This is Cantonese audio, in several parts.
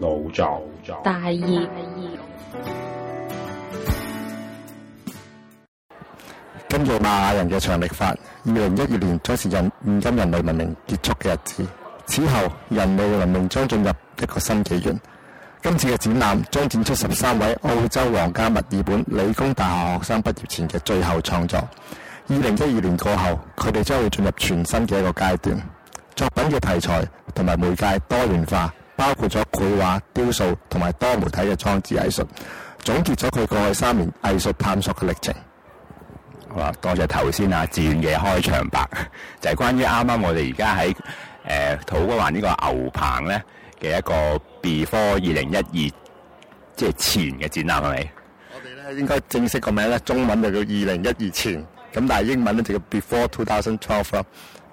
老作，老作。大二，大二。根據馬雅人嘅長曆法，二零一二年將是人現今人類文明結束嘅日子。此後，人類文明將進入一個新紀元。今次嘅展覽將展出十三位澳洲皇家墨爾本理工大學學生畢業前嘅最後創作。二零一二年過後，佢哋將會進入全新嘅一個階段。作品嘅題材同埋媒介多元化。包括咗繪畫、雕塑同埋多媒體嘅裝置藝術，總結咗佢過去三年藝術探索嘅歷程好。好啦，多謝頭先啊，志遠嘅開場白就係、是、關於啱啱我哋而家喺誒土瓜灣呢個牛棚咧嘅一個 before 二零一二，即係前嘅展覽係咪？我哋咧應該正式個名咧，中文就叫二零一二前，咁但係英文咧就叫 before two thousand twelve。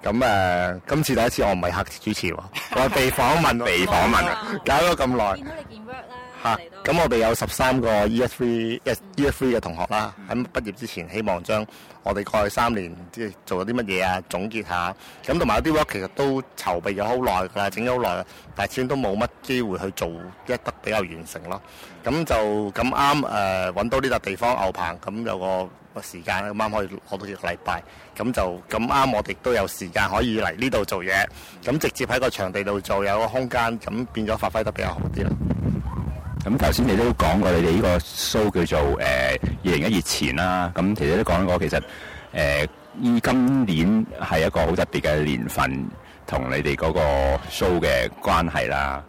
咁誒，今次第一次我唔係客主持喎，我係被訪問，被訪問，搞咗咁耐。見到你見 work 啦，吓！咁我哋有十三個 ES3、ES3 嘅同學啦，喺畢業之前希望將我哋過去三年即係做咗啲乜嘢啊總結下。咁同埋有啲 work 其實都籌備咗好耐㗎，整咗好耐，但係始終都冇乜機會去做一得比較完成咯。咁就咁啱誒，揾到呢笪地方牛棚，咁有個。個時間咁啱可以攞到幾個禮拜，咁就咁啱我哋都有時間可以嚟呢度做嘢，咁直接喺個場地度做有個空間，咁變咗發揮得比較好啲啦。咁頭先你都講過你哋呢個 show 叫做誒二零一二前啦，咁其實都講過其實誒依、呃、今年係一個好特別嘅年份同你哋嗰個 show 嘅關係啦。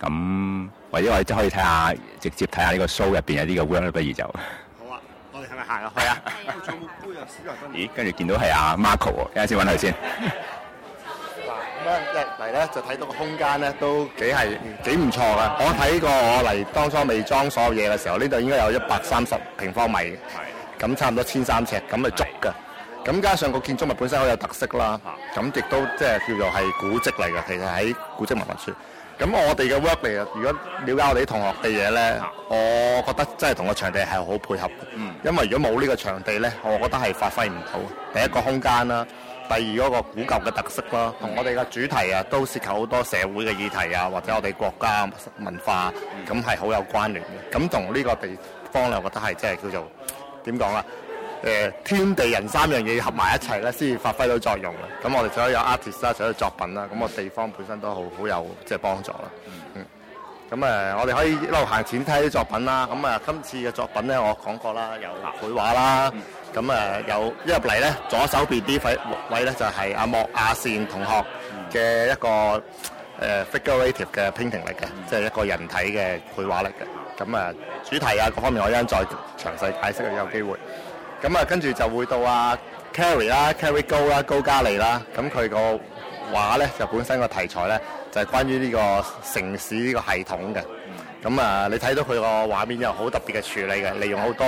咁或者我哋即可以睇下直接睇下呢個 show 入邊有啲嘅 round，不如就～行啊，係是啊！ 咦，跟住見到係阿 Marco 喎，一陣先搵佢先。嗱咁啊，樣一嚟咧就睇到個空間咧都幾係、嗯、幾唔錯噶。我睇過我嚟當初未裝所有嘢嘅時候，呢度應該有一百三十平方米，咁的差唔多千三尺，咁咪足噶。咁的加上個建築物本身好有特色啦，咁亦都即係叫做係古蹟嚟噶，其實喺古蹟文物處。咁我哋嘅 work 嚟啊！如果了解我哋同學嘅嘢咧，我覺得真係同個場地係好配合嘅。因為如果冇呢個場地咧，我覺得係發揮唔到。第一個空間啦，第二個古舊嘅特色啦，同我哋嘅主題啊都涉及好多社會嘅議題啊，或者我哋國家文化，咁係好有關聯嘅。咁同呢個地方咧，我覺得係即係叫做點講啊？誒天地人三樣嘢合埋一齊咧，先至發揮到作用嘅。咁我哋就可以有 artist 啦，所有作品啦，咁、那個地方本身都好好有即係、就是、幫助啦。嗯。咁誒、嗯，我哋可以一路行前睇啲作品啦。咁誒，今次嘅作品咧，我講過啦，有立繪畫啦。咁誒、嗯嗯，有一入嚟咧，左手邊啲位位咧就係阿莫亞善同學嘅一個誒 figurative 嘅 painting 嚟嘅，嗯、即係一個人體嘅繪畫嚟嘅。咁誒主題啊，各方面我一陣再詳細解釋有機會。咁啊、嗯，跟住就會到啊 Carrie 啦、Carrie Go 啦、啊、高嘉莉啦。咁佢個畫咧就本身個題材咧就係、是、關於呢個城市呢個系統嘅。咁、嗯、啊，你睇到佢個畫面有好特別嘅處理嘅，利用好多、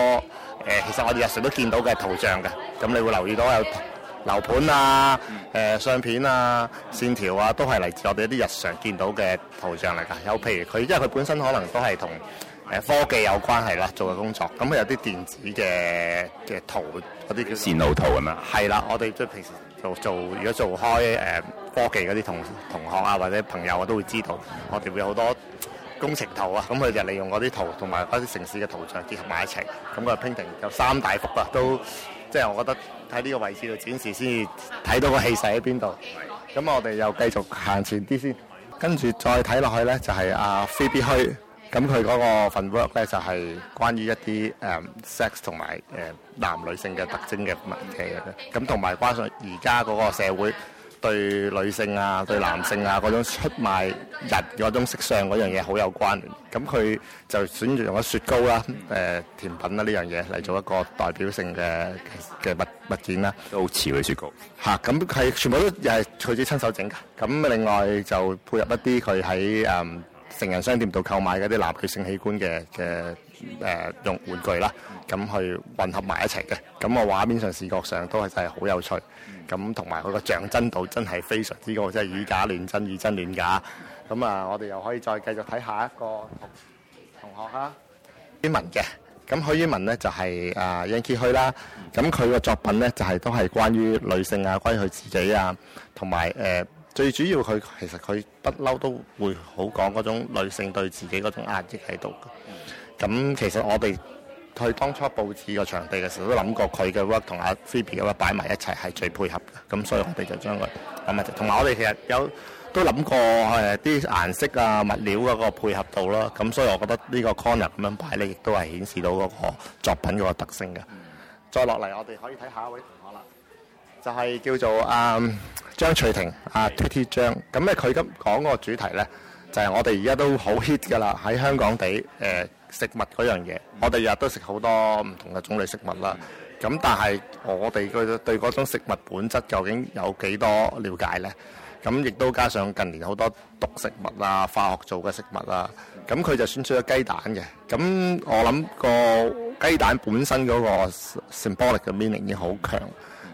呃、其實我哋日常都見到嘅圖像嘅。咁、嗯、你會留意到有樓盤啊、誒、呃、相片啊、線條啊，都係嚟自我哋一啲日常見到嘅圖像嚟㗎。有譬如佢，因為佢本身可能都係同。誒科技有關係啦，做嘅工作咁佢有啲電子嘅嘅圖嗰啲叫線路圖咁樣，係啦，我哋即係平時做做，如果做開誒、呃、科技嗰啲同同學啊或者朋友啊都會知道，我哋會有好多工程圖啊，咁佢就利用嗰啲圖同埋嗰啲城市嘅圖像結合埋一齊，咁 painting 有三大幅啊，都即係、就是、我覺得喺呢個位置度展示先至睇到個氣勢喺邊度。咁我哋又繼續行前啲先，跟住再睇落去咧就係、是、啊菲必墟。咁佢嗰個份 work 咧就係、是、關於一啲誒、嗯、sex 同埋誒男女性嘅特徵嘅問題。嘅，咁同埋關上而家嗰個社會對女性啊、對男性啊嗰種出賣人嗰種色相嗰樣嘢好有關。咁佢就選擇用咗雪糕啦、誒、呃、甜品啦呢樣嘢嚟做一個代表性嘅嘅物物件啦。都好似嘅雪糕。吓、啊。咁係全部都又係佢自己親手整㗎。咁另外就配合一啲佢喺誒。嗯成人商店度購買嗰啲男女性器官嘅嘅誒用玩具啦，咁去混合埋一齊嘅，咁個畫面上視覺上都係真係好有趣，咁同埋佢個像真度真係非常之高，即係以假亂真，以真亂假。咁啊，我哋又可以再繼續睇下一個同學啊，依文嘅。咁許英文呢就係啊 Yankee Hui 啦，咁佢個作品呢就係都係關於女性啊、關於佢自己啊，同埋誒。最主要佢其實佢不嬲都會好講嗰種女性對自己嗰種壓抑喺度嘅。咁其實我哋去當初佈置個場地嘅時候都諗過佢嘅 work 同阿 Phoebe 嘅 work 擺埋一齊係最配合嘅。咁所以我哋就將佢同埋我哋其實有都諗過誒啲顏色啊、物料嗰個配合度啦。咁所以我覺得呢個 corner 咁樣擺咧，亦都係顯示到嗰個作品嗰個特性嘅。再落嚟，我哋可以睇下一位。就係叫做啊張翠婷啊，Titi 的張咁咧。佢今講嗰個主題呢，就係、是、我哋而家都好 hit 噶啦。喺香港地誒、呃、食物嗰樣嘢，我哋日日都食好多唔同嘅種類食物啦。咁但係我哋對對嗰種食物本質究竟有幾多了解呢？咁亦都加上近年好多毒食物啊、化學做嘅食物啊。咁佢就選出咗雞蛋嘅咁，我諗個雞蛋本身嗰個 symbolic 嘅 meaning 已經好強。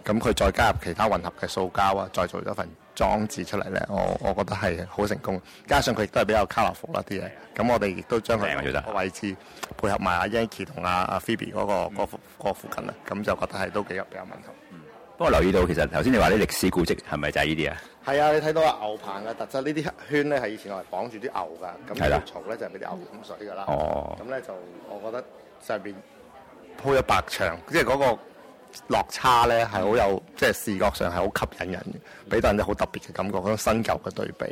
咁佢再加入其他混合嘅塑膠啊，再做咗份裝置出嚟咧，我我覺得係好成功。加上佢亦都係比較 colorful 一啲嘢，咁我哋亦都將佢個位置配合埋阿 Yancy 同阿阿 Phoebe 嗰個嗰附嗰附近啊，咁就覺得係都幾有比較問題。不過留意到其實頭先你話啲歷史古蹟係咪就係呢啲啊？係啊，你睇到牛棚嘅特質，呢啲圈咧係以前係綁住啲牛㗎，咁啲草咧就俾啲牛飲水㗎啦。哦。咁咧就我覺得上邊鋪咗白牆，即係嗰個。落差咧係好有，即係視覺上係好吸引人嘅，俾到人哋好特別嘅感覺，嗰種新舊嘅對比。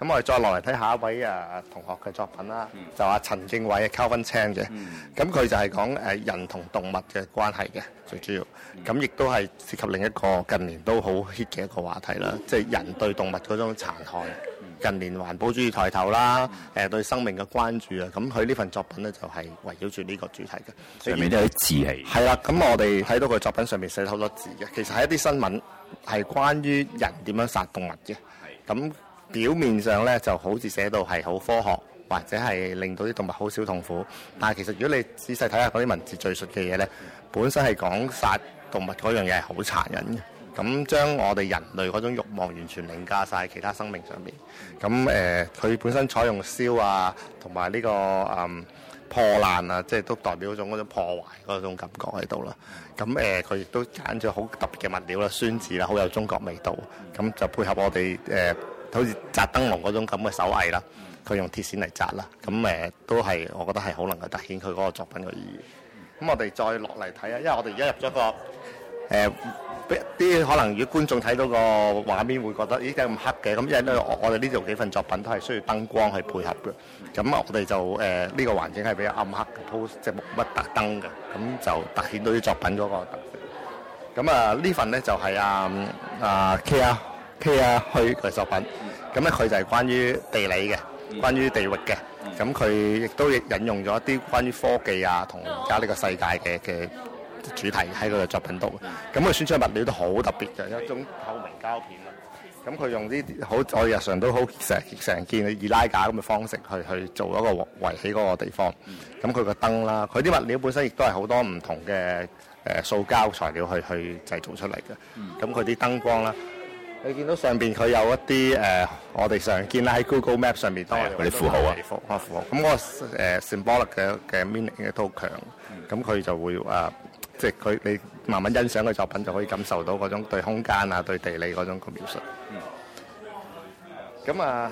咁我哋再落嚟睇下一位啊同學嘅作品啦，嗯、就話、啊、陳敬偉嘅《Calvin Chan》嘅、嗯，咁佢就係講誒、啊、人同動物嘅關係嘅最主要。咁亦、嗯嗯、都係涉及另一個近年都好 hit 嘅一個話題啦，即係、嗯、人對動物嗰種殘害。嗯、近年環保主義抬頭啦，誒、嗯呃、對生命嘅關注啊，咁佢呢份作品咧就係、是、圍繞住呢個主題嘅。上面都有啲字係。係啦而，咁、啊、我哋睇到佢作品上面寫咗好多字嘅，其實係一啲新聞係關於人點樣殺動物嘅。咁表面上咧就好似寫到係好科學，或者係令到啲動物好少痛苦，嗯、但係其實如果你仔細睇下嗰啲文字敘述嘅嘢咧，本身係講殺。動物嗰樣嘢係好殘忍嘅，咁將我哋人類嗰種慾望完全凌駕曬其他生命上面。咁誒，佢、呃、本身採用燒啊，同埋呢個誒、嗯、破爛啊，即係都代表咗嗰種破壞嗰種感覺喺度啦。咁誒，佢亦都揀咗好特別嘅物料啦，宣紙啦，好有中國味道。咁就配合我哋誒、呃，好似紮燈籠嗰種咁嘅手藝啦，佢用鐵線嚟紮啦。咁誒、呃，都係我覺得係好能夠凸顯佢嗰個作品嘅意義。咁我哋再落嚟睇啊，因為我哋而家入咗個誒，啲可能如果觀眾睇到個畫面會覺得咦，咁黑嘅，咁因為咧我我哋呢度幾份作品都係需要燈光去配合嘅。咁我哋就誒呢個環境係比較暗黑嘅，即係冇乜特燈嘅，咁就凸顯到啲作品嗰個特色。咁啊，呢份咧就係阿阿 K 啊 K 啊佢嘅作品，咁咧佢就係關於地理嘅，關於地域嘅。咁佢亦都引用咗一啲關於科技啊同而家呢個世界嘅嘅主題喺佢嘅作品度。咁佢選出嘅物料都好特別嘅，一種透明膠片啦。咁佢用啲好我日常都好成成見嘅易拉架咁嘅方式去去做一個圍起嗰個地方。咁佢個燈啦，佢啲物料本身亦都係好多唔同嘅誒塑膠材料去去製造出嚟嘅。咁佢啲燈光啦。你見到上面佢有一啲誒，我哋常見啦，喺 Google Map 上面都係啲符號啊，嗰啲符啊符號。咁個誒 symbolic 嘅嘅 meaning 都好強。咁佢就會誒，即係佢你慢慢欣賞佢作品，就可以感受到嗰種對空間啊、對地理嗰種嘅描述。咁啊，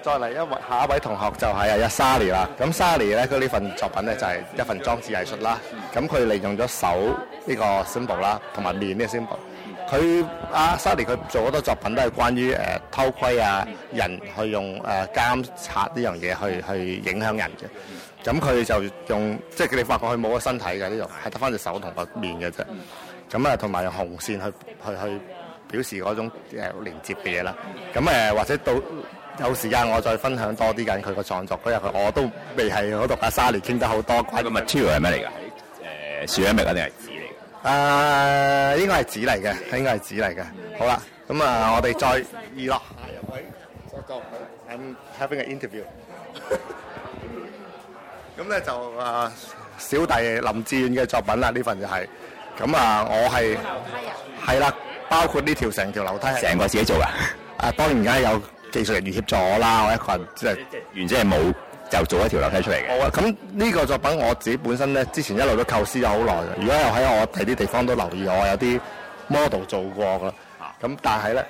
再嚟一位下一位同學就係啊 Sally 啦。咁 Sally 咧，佢呢份作品咧就係一份裝置藝術啦。咁佢利用咗手呢個 symbol 啦，同埋面呢個 symbol。佢阿 Sally，佢做好多作品都係關於誒、呃、偷窺啊人去用誒、呃、監察呢樣嘢去去影響人嘅，咁佢就用即係佢哋發覺佢冇個身體嘅呢度係得返隻手同個面嘅啫，咁啊同埋用紅線去去去表示嗰種誒連接嘅嘢啦，咁、嗯、誒、呃、或者到有時間我再分享多啲緊佢個創作，因為我都未係好同阿 Sally，傾得好多，佢個 material 係咩嚟㗎？誒，攝影物定係？誒，應該係紙嚟嘅，應該係紙嚟嘅。好啦，咁啊，我哋再議咯。咁咧就誒，小弟林志遠嘅作品啦，呢份就係。咁啊，我係係啦，包括呢條成條樓梯，成個自己做嘅。啊，當然而家有技術人員協助我啦，我一個人即係原製係冇。就做一條樓梯出嚟嘅，咁呢、啊、個作品我自己本身咧，之前一路都構思咗好耐。如果又喺我地啲地方都留意我，我有啲 model 做過噶。咁但係咧，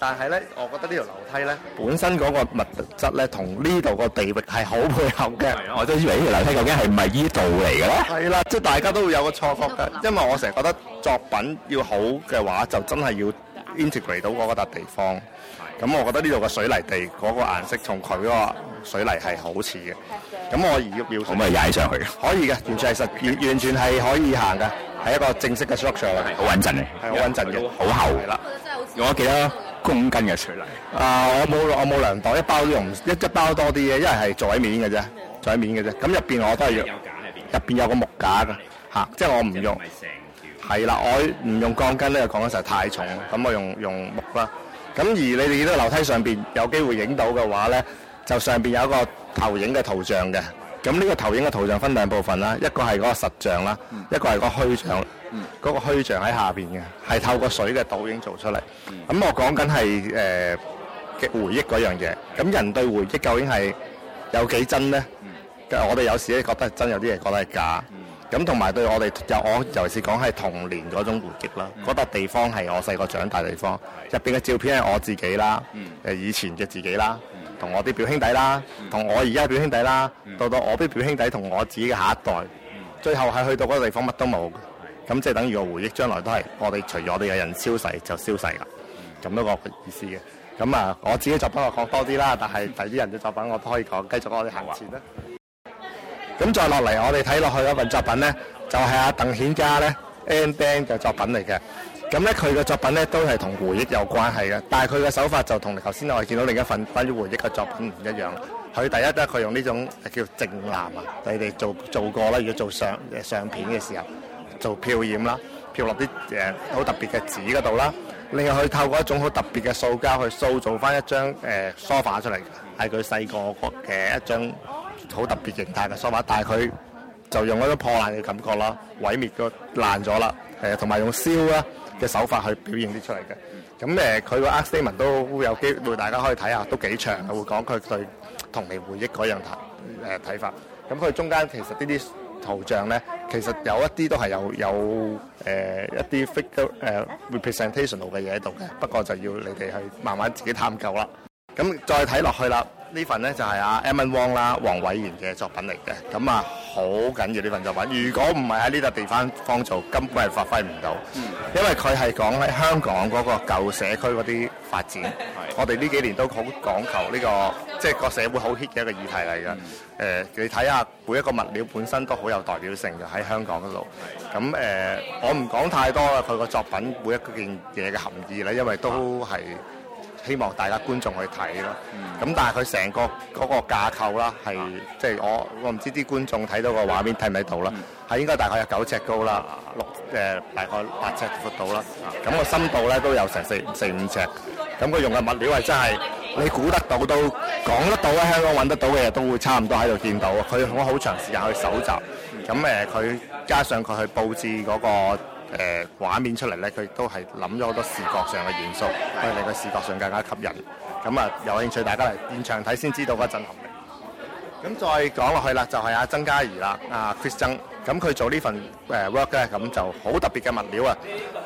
但係咧，我覺得呢條樓梯咧，本身嗰個物質咧，同呢度個地域係好配合嘅。啊、我真係以為呢條樓梯究竟係唔係呢度嚟嘅咧？係啦、啊，即係大家都會有個錯覺嘅，因為我成日覺得作品要好嘅話，就真係要 integrate 到嗰笪地方。咁、嗯、我覺得呢度個水泥地嗰、嗰個顏色同佢個水泥係好似嘅。咁我而要表示。可唔可以踩上去？可以嘅，完全係實完完全係可以行嘅，係一個正式嘅 structure。好穩因為 陣嘅，係好穩陣嘅，好厚。係啦厚，用咗幾多公斤嘅水泥？啊，我冇我冇量袋，一包都用一一包多啲嘅，因為係窄面嘅啫，窄面嘅啫。咁入邊我都係用，入邊有個木架㗎嚇，即、啊、係、即係、我唔用。係啦，我唔用鋼筋呢個講緊實在太重，咁嗎、嗯、我用用木啦。咁而你哋度樓梯上面有機會影到嘅話呢，就上面有一個投影嘅圖像嘅。咁呢個投影嘅圖像分兩部分啦，一個係嗰個實像啦，一個係個虛像。嗰個虛像喺下面嘅，係透過水嘅倒影做出嚟。咁我講緊係誒回憶嗰樣嘢。咁人對回憶究竟係有幾真呢？我哋有時咧覺得真，有啲嘢覺得係假。咁同埋對我哋，又我尤其是講係童年嗰種回憶啦。嗰笪地方係我細個長大地方，入面嘅照片係我自己啦，以前嘅自己啦，同我啲表兄弟啦，同我而家表兄弟啦，到到我啲表兄弟同我自己嘅下一代，最後係去到嗰個地方乜都冇。咁即係等於個回憶，將來都係我哋，除咗我哋嘅人消逝就消逝啦。咁多個意思嘅。咁啊，我自己作品我講多啲啦，但係第二人嘅作品我都可以講，繼續我哋行前啦。咁再落嚟，我哋睇落去一份作品咧，就係、是、阿鄧顯嘉咧 N ban 嘅作品嚟嘅。咁咧佢嘅作品咧都係同回憶有關係嘅，但係佢嘅手法就同頭先我哋見到另一份關於回憶嘅作品唔一樣。佢第一咧，佢用呢種叫靜藍啊，你哋做做過啦，要做相相片嘅時候做漂染啦，漂落啲好特別嘅紙嗰度啦。另外佢透過一種好特別嘅塑膠去塑造翻一張誒梳化出嚟，係佢細個嘅一張。呃好特別形態嘅手法，但係佢就用嗰種破爛嘅感覺啦，毀滅個爛咗啦，誒同埋用燒啊嘅手法去表現啲出嚟嘅。咁誒，佢個 statement 都會有機會大家可以睇下，都幾長，佢會講佢對童年回憶嗰樣睇誒睇法。咁佢中間其實呢啲圖像咧，其實有一啲都係有有誒一啲 figure 誒 representational 嘅嘢喺度嘅，不過就要你哋去慢慢自己探究啦。咁再睇落去啦。呢份呢就係、是、阿 Emon Wong 啦，黃偉賢嘅作品嚟嘅，咁啊好緊要呢份作品。如果唔係喺呢笪地方創做，根本係發揮唔到。嗯、因為佢係講喺香港嗰個舊社區嗰啲發展。是我哋呢幾年都好講求呢、這個，即係個社會好 hit 嘅一個議題嚟嘅。誒、嗯呃，你睇下每一個物料本身都好有代表性嘅喺香港嗰度。咁、嗯、誒、呃，我唔講太多啦。佢個作品每一件嘢嘅含義咧，因為都係。啊希望大家觀眾去睇咯，咁、嗯、但係佢成個嗰、嗰個架構啦，係、啊、即係我我唔知啲觀眾睇到個畫面睇唔睇到啦，係、嗯、應該大概有九尺高啦，六誒、呃、大概八尺闊度啦，咁、啊、個深度咧都有成四四五尺，咁佢用嘅物料係真係你估得到都講得到喺香港揾得到嘅嘢都會差唔多喺度見到，佢用咗好長時間去搜集，咁誒佢加上佢去佈置嗰、嗰個。誒、呃、畫面出嚟咧，佢亦都係諗咗好多視覺上嘅元素，去令佢視覺上更加吸引。咁啊，有興趣大家嚟現場睇先知道嗰陣。咁再講落去啦，就係、是、阿、啊、曾嘉怡啦，阿、啊、Chris 曾，咁佢做呢份 work 咧，咁就好特別嘅物料啊！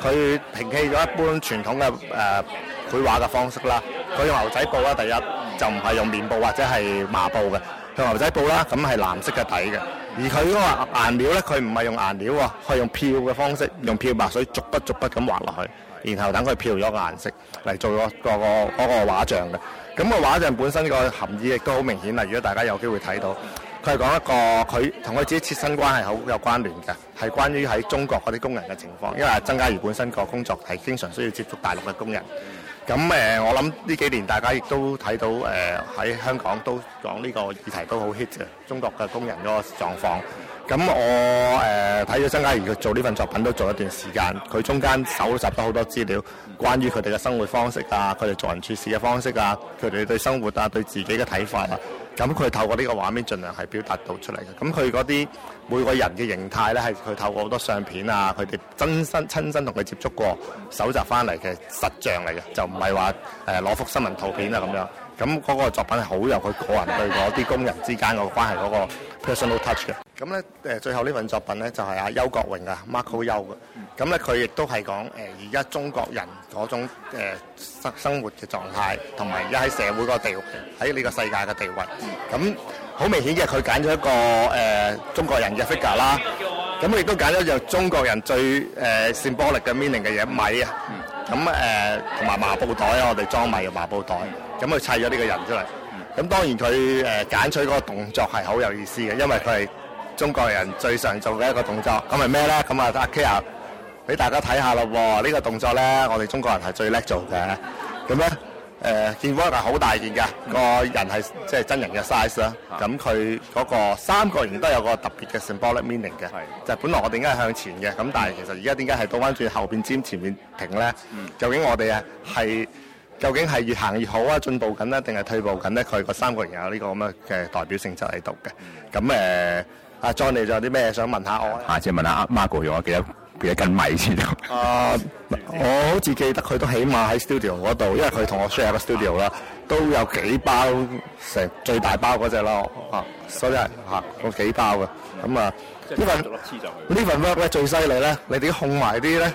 佢摒棄咗一般傳統嘅誒繪畫嘅方式啦、啊，佢用牛仔布啦、啊，第一就唔係用棉布或者係麻布嘅，用牛仔布啦、啊，咁係藍色嘅底嘅。而佢嗰個顏料呢，佢唔係用顏料喎，係用漂嘅方式，用漂白水逐筆逐筆咁畫落去，然後等佢漂咗個顏色嚟做個個個嗰個畫像嘅。咁個畫像本身個含義亦都好明顯啦。如果大家有機會睇到，佢係講一個佢同佢自己切身關係好有關聯嘅，係關於喺中國嗰啲工人嘅情況，因為曾家怡本身個工作係經常需要接觸大陸嘅工人。咁誒、呃，我諗呢幾年大家亦都睇到誒，喺、呃、香港都講呢個議題都好 hit 嘅，中國嘅工人嗰個狀況。咁我誒睇咗曾嘉怡佢做呢份作品都做一段時間，佢中間搜集咗好多資料，關於佢哋嘅生活方式啊，佢哋做人處事嘅方式啊，佢哋對生活啊、對自己嘅睇法啊。咁佢透過呢個畫面盡量係表達到出嚟嘅，咁佢嗰啲每個人嘅形態呢，係佢透過好多相片啊，佢哋真身親身同佢接觸過，搜集翻嚟嘅實像嚟嘅，就唔係話誒攞幅新聞圖片啊咁樣。咁嗰個作品係好有佢個人對嗰啲工人之間個關係嗰個。personal touch 嘅，咁咧、呃、最後呢份作品咧就係阿邱國榮啊，Marco 邱嘅，咁咧佢亦都係講而家中國人嗰種生、呃、生活嘅狀態，同埋而家喺社會個地位，喺呢個世界嘅地位，咁好明顯嘅，佢揀咗一個中國人嘅 figure 啦，咁佢亦都揀咗由中國人最 o l 波力嘅 meaning 嘅嘢米啊，咁同埋麻布袋啊，我哋裝米嘅麻布袋，咁佢砌咗呢個人出嚟。咁當然佢揀、呃、取嗰個動作係好有意思嘅，因為佢係中國人最常做嘅一個動作。咁係咩咧？咁啊，Kia，俾大家睇下咯。呢、呢個動作咧，我哋中國人係最叻做嘅。咁咧誒，見過一個係好大件嘅，個人係即係真人嘅 size 啦。咁佢嗰個三個形都有個特別嘅 symbolic meaning 嘅，的就係本來我哋應該係向前嘅？咁但係其實而家點解係倒翻轉後邊尖前面平咧？嗯、究竟我哋啊係？究竟係越行越好啊，進步緊咧，定係退步緊咧？佢個三個人有呢個咁嘅代表性質喺度嘅。咁誒，阿 John 你仲有啲咩想問下我？啊，下次問下阿 Margo 用，我記得佢一斤米先到。啊，我好似記得佢都起碼喺 studio 嗰度，因為佢同我 share 個 studio 啦，都有幾包，成最大包嗰隻咯，嚇，所以係嚇，我幾包嘅。咁啊，呢份呢份 work 咧最犀利咧，你點控埋啲咧？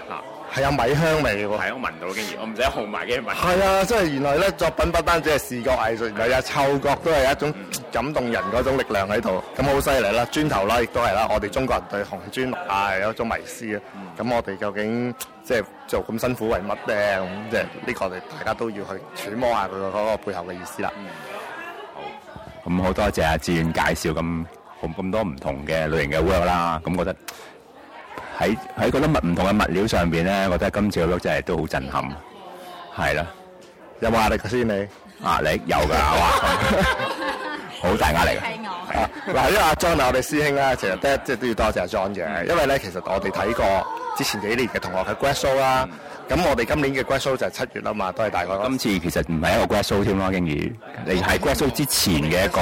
係有米香味嘅喎，係啊，我聞到竟然，我唔使烘埋嘅聞。係啊，即係原來咧作品不單止係視覺藝術，原來有嗅覺都係一種感動人嗰種力量喺度，咁好犀利啦！磚頭啦，亦都係啦，我哋中國人對紅磚綠瓦係一種迷思嘅，咁我哋究竟即係做咁辛苦為乜咧？咁即係呢個我哋大家都要去揣摩下佢嗰個背後嘅意思啦。好，咁好多謝阿志遠介紹咁咁咁多唔同嘅類型嘅 work 啦，咁覺得。喺喺嗰啲物唔同嘅物料上邊咧，我覺得今次嗰碌真係都好震撼，係啦，有，冇壓力先、啊、你？壓力有㗎嚇嘛，好大壓力㗎。嗱我、啊，因為阿 John 啊， 我哋師兄咧，其實都即係都要多謝阿 John 嘅，因為咧其實我哋睇過之前幾年嘅同學嘅 grad show 啦、嗯。咁我哋今年嘅 grad show 就係七月喇嘛，都係大概。今次其實唔係一個 grad show 添咯，經已，係 grad show 之前嘅一個。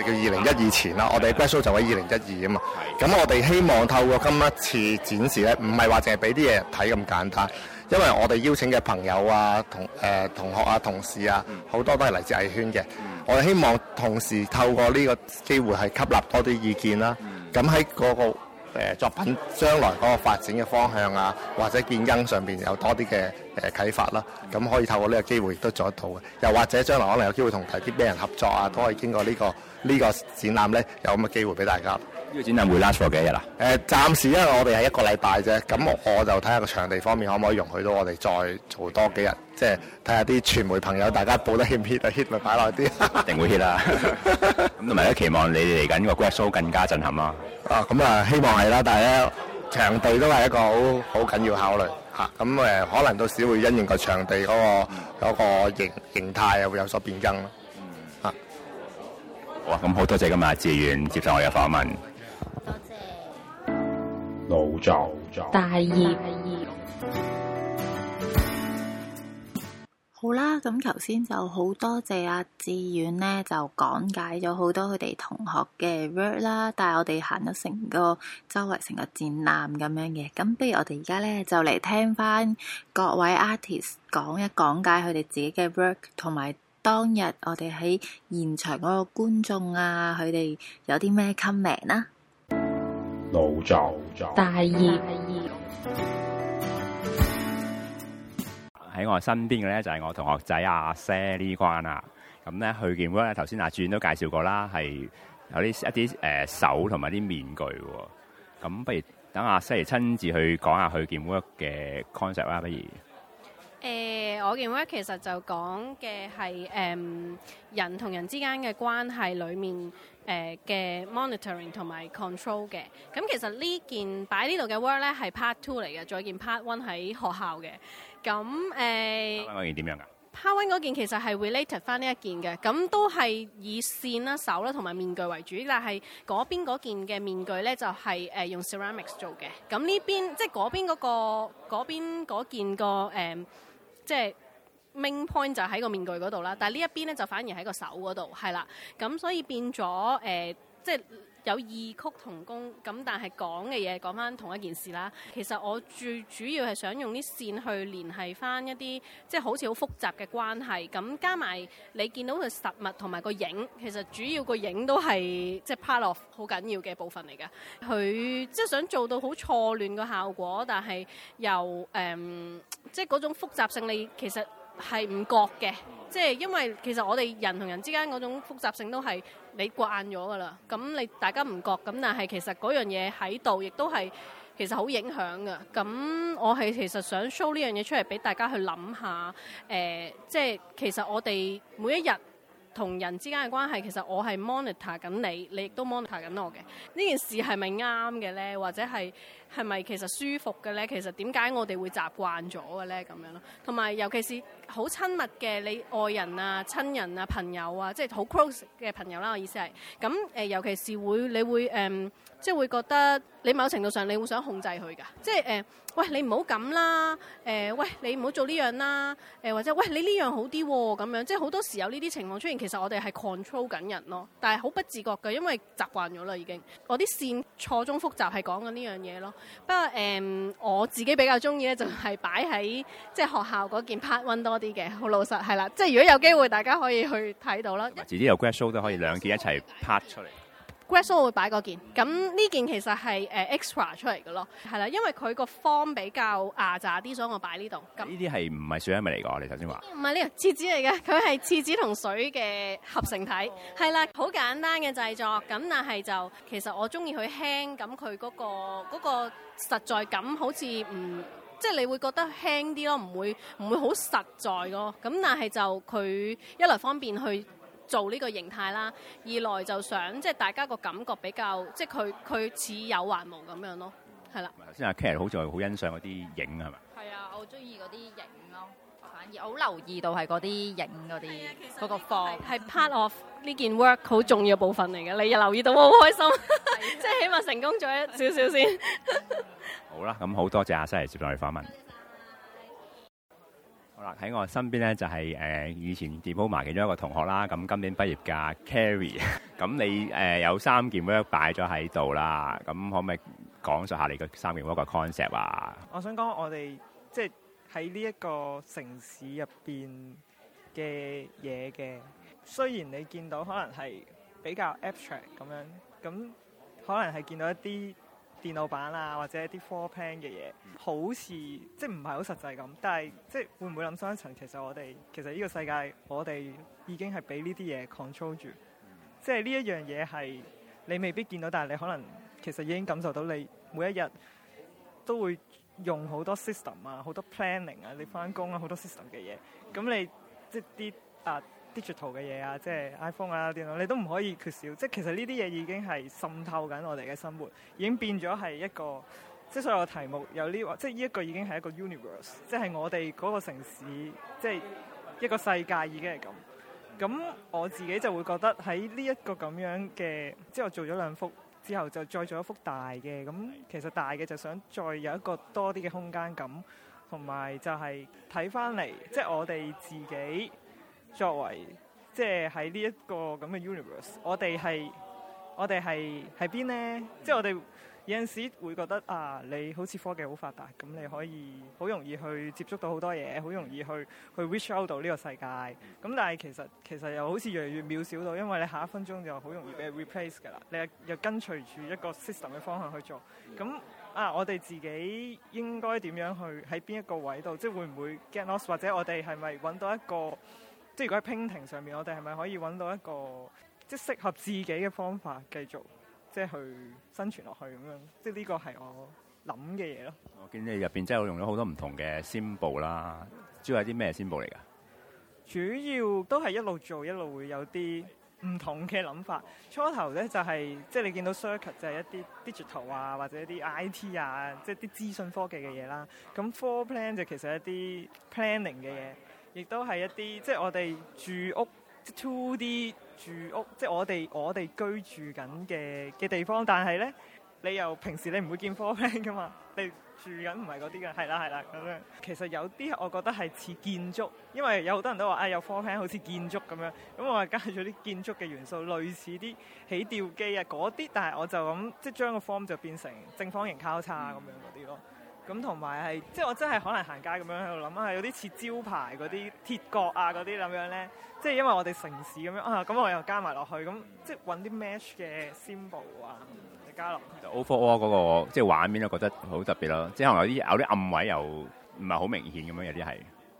就叫二零一二前啦，我哋 grad show 就喺二零一二啊嘛。咁的我哋希望透過今一次展示咧，唔係話淨係俾啲嘢睇咁簡單，因為我哋邀請嘅朋友啊、同誒、呃、同學啊、同事啊，好、嗯、多都係嚟自藝圈嘅。嗯、我哋希望同時透過呢個機會係吸納多啲意見啦。咁喺嗰個。誒作品將來嗰個發展嘅方向啊，或者見更上面有多啲嘅誒啟發啦，咁可以透過呢個機會都做得到嘅。又或者將來可能有機會同其他啲咩人合作啊，都可以經過呢個呢個展覽呢，有咁嘅機會俾大家。呢個展覽會 last for 幾日啊？誒，暫時因為我哋係一個禮拜啫，咁我我就睇下個場地方面可唔可以容許到我哋再做多幾日，即係睇下啲傳媒朋友大家報得欠 heat 啊，heat 咪擺耐啲。一定會 hit 啦。咁同埋咧，期望你哋嚟緊呢個 grad show 更加震撼咯。啊，咁啊，希望係啦，但係咧，場地都係一個好好緊要考慮嚇。咁誒，可能到時會因應個場地嗰個嗰個形形態啊，會有所變更咯嚇。好啊，咁好多謝今日志遠接受我嘅訪問。腦作、no，大業。好啦，咁頭先就好多謝阿志遠呢，就講解咗好多佢哋同學嘅 work 啦，帶我哋行咗成個周圍成個展覽咁樣嘅。咁不如我哋而家呢，就嚟聽翻各位 artist 講一講解佢哋自己嘅 work，同埋當日我哋喺現場嗰個觀眾啊，佢哋有啲咩 comment 啦，啊。腦作。大二，喺我身邊嘅咧就係、是、我同學仔阿 Sir 呢關啦。咁、嗯、咧，去件 work 咧，頭先阿主任都介紹過啦，係有啲一啲誒、呃、手同埋啲面具。咁不如等阿 Sir 親自去講下佢件 work 嘅 concept 啦，不如。誒、呃，我件 work 其實就講嘅係誒人同人之間嘅關係裏面誒嘅，呃、monitoring 同埋 control 嘅。咁、嗯、其實件擺呢件擺呢度嘅 work 咧係 part two 嚟嘅，再件 part one 喺學校嘅。咁、嗯、誒、呃、part one 嗰件點樣啊？Part one 嗰件其實係 related 返呢一件嘅，咁、嗯、都係以線啦、手啦同埋面具為主。但係嗰邊嗰件嘅面具咧就係、誒、用 ceramics 做嘅。咁呢邊即係嗰邊嗰個嗰邊嗰件個誒。呃即係 main point 就喺個面具嗰度啦，但係呢一邊咧就反而喺個手嗰度，係啦，咁所以變咗誒，即、呃、係。就是有異曲同工咁，但係講嘅嘢講翻同一件事啦。其實我最主要係想用啲線去連係翻一啲即係好似好複雜嘅關係。咁加埋你見到佢實物同埋個影，其實主要個影都係即係 part of 好緊要嘅部分嚟㗎。佢即係想做到好錯亂嘅效果，但係又誒，即係嗰種複雜性，你其實係唔覺嘅。即係因為其實我哋人同人之間嗰種複雜性都係。你慣咗噶啦，咁你大家唔覺，咁但係其實嗰樣嘢喺度，亦都係其實好影響噶。咁我係其實想 show 呢樣嘢出嚟俾大家去諗下，誒、呃，即係，其實我哋每一日同人之間嘅關係，其實我係 monitor 緊你，你亦都 monitor 緊我嘅呢件事係咪啱嘅咧？或者係？係咪其實舒服嘅咧？其實點解我哋會習慣咗嘅咧？咁樣咯，同埋尤其是好親密嘅你愛人啊、親人啊、朋友啊，即係好 close 嘅朋友啦、啊。我意思係，咁誒、呃、尤其是會你會誒、呃，即係會覺得你某程度上你會想控制佢㗎，即係誒、呃，喂你唔好咁啦，誒喂你唔好做呢樣啦，誒、呃呃、或者喂你呢樣好啲喎咁樣，即係好多時候有呢啲情況出現，其實我哋係 control 緊人咯，但係好不自覺嘅，因為習慣咗啦已經了了。我啲線錯綜複雜係講緊呢樣嘢咯。不過誒、嗯，我自己比較中意咧，就係擺喺即係學校嗰件 part one 多啲嘅，好老實係啦。即係如果有機會，大家可以去睇到啦。自己有 grad show 都可以兩件一齊 part 出嚟。我會擺嗰件，咁呢件其實係 extra、呃、出嚟嘅咯，係啦，因為佢個方比較牙咋啲，所以我擺呢度。咁呢啲係唔係水銀嚟㗎？你頭先話唔係呢個廁紙嚟嘅，佢係廁紙同水嘅合成體，係啦、嗯，好簡單嘅製作。咁但係就其實我中意佢輕，咁佢嗰個嗰、嗰個實在感好似唔，即、就、係、是、你會覺得輕啲咯，唔會唔會好實在咯。咁但係就佢一來方便去。做呢個形態啦，二來就想即係大家個感覺比較，即係佢佢似有還無咁樣咯，係啦。頭先阿 Karl 好在好欣賞嗰啲影係咪？係啊，我中意嗰啲影咯，反而我好留意到係嗰啲影嗰啲嗰個 form 係 part of 呢件 work 好重要部分嚟嘅。你留意到我好開心，的 即係起碼成功咗一少少先。 好啦，咁好多謝阿 Karl 接落嚟訪問。喺我身邊咧就係、是、誒、呃、以前 DPO e 埋其中一個同學啦，咁今年畢業㗎 Carrie，咁你誒、呃、有三件 work 擺咗喺度啦，咁可唔可以講述下你嘅三件 work 嘅 concept 啊？我想講我哋即係喺呢一個城市入面嘅嘢嘅，雖然你見到可能係比較 abstract 咁樣，咁可能係見到一啲。電腦版啊，或者啲 four plan 嘅嘢，好似即係唔係好實際咁，但係即係會唔會諗深一層？其實我哋其實呢個世界，我哋已經係俾呢啲嘢 control 住，即係呢一樣嘢係你未必見到，但係你可能其實已經感受到，你每一日都會用好多 system 啊，好多 planning 啊，你返工啊，好多 system 嘅嘢，咁你即啲啊。digital 嘅嘢啊，即係 iPhone 啊，電腦你都唔可以缺少。即係其實呢啲嘢已經係滲透緊我哋嘅生活，已經變咗係一個即係所有嘅題目有呢，即係呢一個已經係一個 universe，即係我哋嗰個城市，即係一個世界已經係咁。咁我自己就會覺得喺呢一個咁樣嘅之後做咗兩幅之後，就再做一幅大嘅。咁其實大嘅就是想再有一個多啲嘅空間感，同埋就係睇翻嚟，即係我哋自己。作為即係喺呢一個咁嘅 universe，我哋係我哋係喺邊呢？即係我哋有陣時會覺得啊，你好似科技好發達，咁你可以好容易去接觸到好多嘢，好容易去去 reach out 到呢個世界。咁但係其實其實又好似越嚟越渺小到，因為你下一分鐘就好容易俾 replace 噶啦。你又跟隨住一個 system 嘅方向去做咁啊，我哋自己應該點樣去喺邊一個位度？即係會唔會 get lost 或者我哋係咪揾到一個？即如果喺平庭上面，我哋係咪可以揾到一個即適合自己嘅方法，繼續即去生存落去咁樣？即呢個係我諗嘅嘢咯。我見你入邊真係用咗好多唔同嘅先佈啦，主要係啲咩先佈嚟㗎？主要都係一路做，一路會有啲唔同嘅諗法。初頭咧就係、是、即你見到 circuit 就係一啲 digital 啊或者一啲 IT 啊，即啲資訊科技嘅嘢啦。咁 four plan 就其實是一啲 planning 嘅嘢。亦都係一啲即係我哋住屋，two D 住屋，即係我哋我哋居住緊嘅嘅地方。但係咧，你又平時你唔會見 formpan 噶嘛？你住緊唔係嗰啲噶，係啦係啦咁樣。其實有啲我覺得係似建築，因為有好多人都話啊，有 formpan 好似建築咁樣。咁我加咗啲建築嘅元素，類似啲起吊機啊嗰啲。但係我就咁即係將個 form 就變成正方形交叉咁樣嗰啲、嗯、咯。咁同埋係，即係我真係可能行街咁樣喺度諗啊，有啲似招牌嗰啲鐵角啊，嗰啲咁樣咧，即係因為我哋城市咁樣啊，咁我又加埋落去，咁即係揾啲 match 嘅 symbol 啊嚟加落就 overall 嗰個即係畫面都覺得好特別咯。即係可能有啲有啲暗位又唔係好明顯咁樣，有啲係、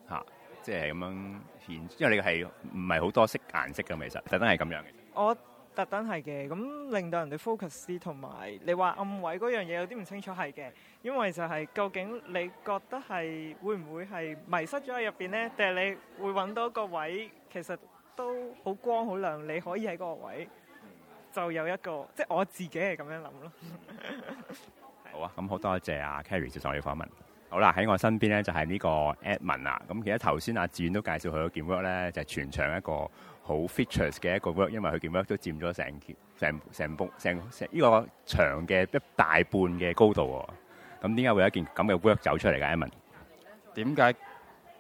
啊、即係咁樣顯，因為你係唔係好多色顏色㗎。其實，特登係咁樣嘅。我特登係嘅，咁令到人哋 focus 啲，同埋你話暗位嗰樣嘢有啲唔清楚係嘅。因為就係、是、究竟你覺得係會唔會係迷失咗喺入邊咧？定係你會揾到一個位置，其實都好光好亮，你可以喺個位置就有一個，即、就、係、是、我自己係咁樣諗咯、啊是啊。好啊，咁好多謝阿 Kerry 接受我訪問。好啦，喺我身邊咧就係、是、呢個 Edmond 啊。咁、嗯、其實頭先阿志遠都介紹佢嘅 work 咧，就係、是、全場一個好 features 嘅一個 work，因為佢 work 都佔咗成成成幅成呢個牆嘅一大半嘅高度喎、啊。咁點解會有一件咁嘅 work 走出嚟嘅？艾文，點解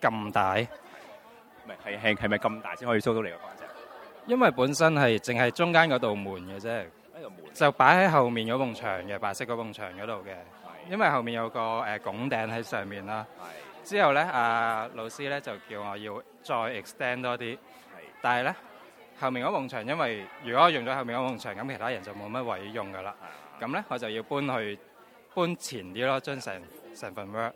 咁大？唔係係係係咪咁大先可以租到你個光譜？因為本身係淨係中間嗰道門嘅啫，就擺喺後面嗰埲牆嘅白色嗰埲牆嗰度嘅。因為後面有個誒拱頂喺上面啦。之後咧，阿老師咧就叫我要再 extend 多啲。但係咧，後面嗰埲牆，因為如果我用咗後面嗰埲牆，咁其他人就冇乜位用㗎啦。咁咧，我就要搬去。搬前啲咯，將成成份 work，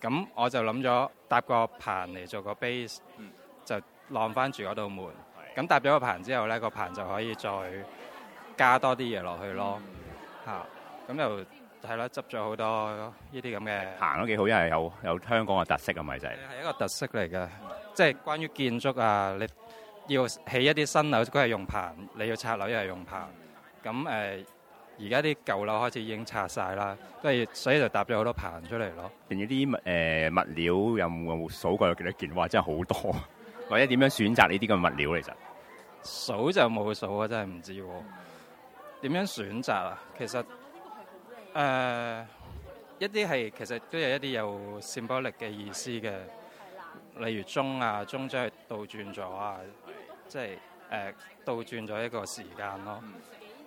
咁我就諗咗搭個棚嚟做個 base，嗯、就晾翻住嗰度門。咁、嗯、搭咗個棚之後咧，個棚就可以再加多啲嘢落去咯。嚇、嗯，咁就係啦，執咗好多呢啲咁嘅。棚都幾好，因為有有香港嘅特色啊咪就係。係一個特色嚟嘅，即係關於建築啊，你要起一啲新樓，佢係用棚，你要拆樓，又係用棚。咁誒。呃而家啲舊樓開始已經拆晒啦，都係所以就搭咗好多棚出嚟咯。連呢啲物誒、呃、物料有冇數過有幾多件？哇，真係好多！或者點樣選擇呢啲咁嘅物料其實？數就冇數啊，真係唔知。點樣選擇啊？其實誒一啲係其實都有一啲有 symbolic 嘅意思嘅，例如鐘啊，鐘即係倒轉咗啊，即係誒倒轉咗一個時間咯。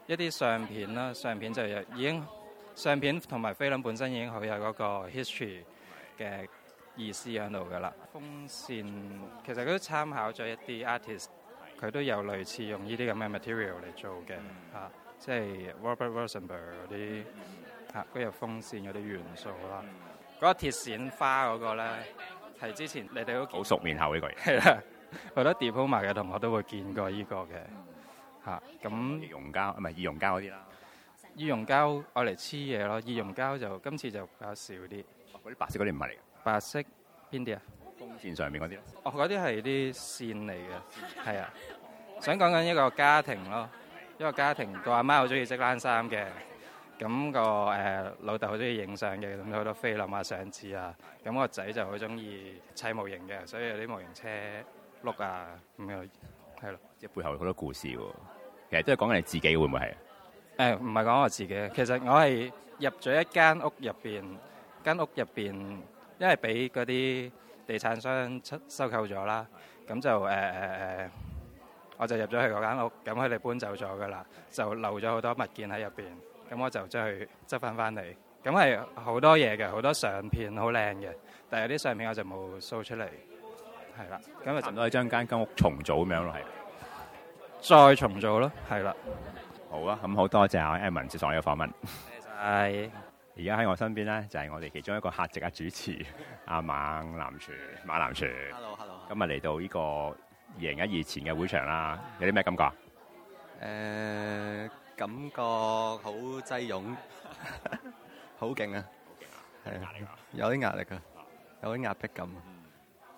一啲相片啦，相片就有已經相片同埋菲林本身已經好有嗰個 history 嘅意思響度噶啦。風扇其實佢都參考咗一啲 artist，佢都有類似用呢啲咁嘅 material 嚟做嘅，嚇、嗯啊，即係 Robert Rosenberg 嗰啲嚇，佢、啊、有風扇嗰啲元素啦。嗰、嗰個鐵線花嗰個咧，係之前你哋都好熟面口呢個人，係啦，好多 Depo 嘅同學都會見過呢個嘅。啊，咁易容膠啊，唔係易容膠嗰啲啦。易容膠愛嚟黐嘢咯，易容膠就今次就比較少啲。嗰啲白色嗰啲唔係嚟嘅。白色邊啲啊？線上面嗰啲咯。哦，嗰啲係啲線嚟嘅。係啊，想講緊一個家庭咯。一個家庭個阿媽好中意織冷衫嘅，咁個誒老豆好中意影相嘅，咁好多菲林啊、相紙啊。咁個仔就好中意砌模型嘅，所以有啲模型車轆啊咁樣係咯。即係背後好多故事喎。其實都係講緊你自己會唔會係？誒唔係講我自己，其實我係入咗一間屋入邊，間屋入邊因為俾嗰啲地產商出收購咗啦，咁就誒誒誒，我就入咗去嗰間屋，咁佢哋搬走咗噶啦，就漏咗好多物件喺入邊，咁我就即去執翻翻嚟，咁係好多嘢嘅，好多相片好靚嘅，但有啲相片我就冇掃出嚟，係啦，咁咪就係將間間屋重組咁樣咯，係。再重做咯，係啦，好啊！咁好多謝阿埃文接受呢個訪問。多謝晒。而家喺我身邊咧，就係我哋其中一個客席嘅主持阿馬南柱，馬南柱。Hello，Hello。今日嚟到呢個二零一二前嘅會場啦，有啲咩感覺啊？誒，感覺好擠擁，好勁啊！係啊，有啲壓力噶，有啲壓迫感啊。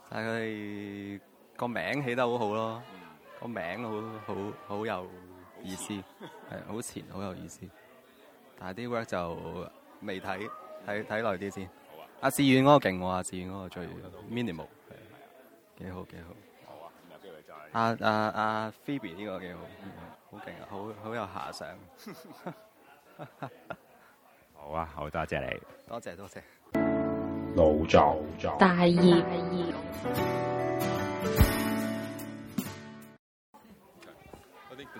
但係佢個名起得好好咯。.個名好好好有意思，係好前好有意思。但係啲 work 就未睇睇睇耐啲先。阿志遠嗰個勁喎，阿志遠嗰個最 minimal，係啊，幾好幾好。好啊，阿阿阿 Phoebe 呢個幾好，好勁啊，好好有遐想。好啊，好多謝你，多謝多謝。腦作腦作。大業大業。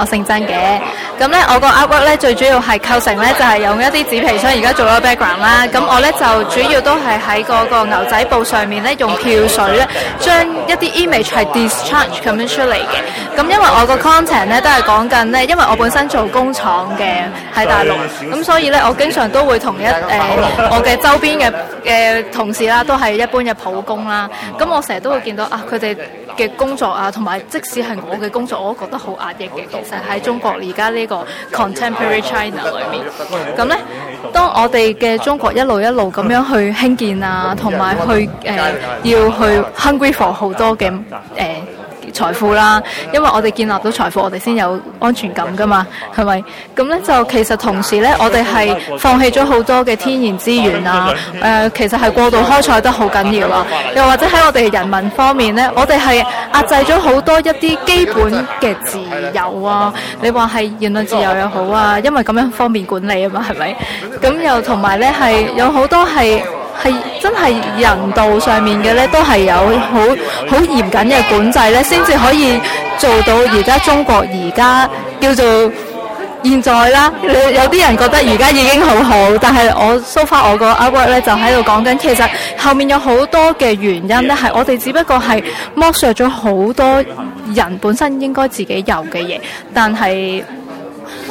我姓曾嘅，咁咧我個 artwork 咧最主要係構成咧就係用一啲紙皮箱而家做咗 background 啦，咁我咧就主要都係喺嗰個牛仔布上面咧用漂水咧將一啲 image 係 discharge 咁樣出嚟嘅。咁因為我個 content 咧都係講緊咧，因為我本身做工廠嘅喺大陸，咁所以咧我經常都會同一誒、呃、我嘅周邊嘅嘅、呃、同事啦，都係一般嘅普工啦。咁我成日都會見到啊，佢哋嘅工作啊，同埋即使係我嘅工作，我都覺得好壓抑嘅。就喺中國而家呢個 Contemporary China 裏面，咁、嗯、呢，當我哋嘅中國一路一路咁樣去興建啊，同埋去誒、呃、要去 hungry for 好多嘅誒。呃財富啦，因為我哋建立到財富，我哋先有安全感噶嘛，係咪？咁呢就其實同時呢，我哋係放棄咗好多嘅天然資源啊！呃、其實係過度開採得好緊要啊！又或者喺我哋人民方面呢，我哋係壓制咗好多一啲基本嘅自由啊！你話係言論自由又好啊，因為咁樣方便管理啊嘛，係咪？咁又同埋呢，係有好多係。係真係人道上面嘅呢，都係有好好嚴謹嘅管制呢，先至可以做到而家中國而家叫做現在啦。有啲人覺得而家已經好好，但係我 so far 我個阿伯咧就喺度講緊，其實後面有好多嘅原因呢，係我哋只不過係剝削咗好多人本身應該自己有嘅嘢，但係。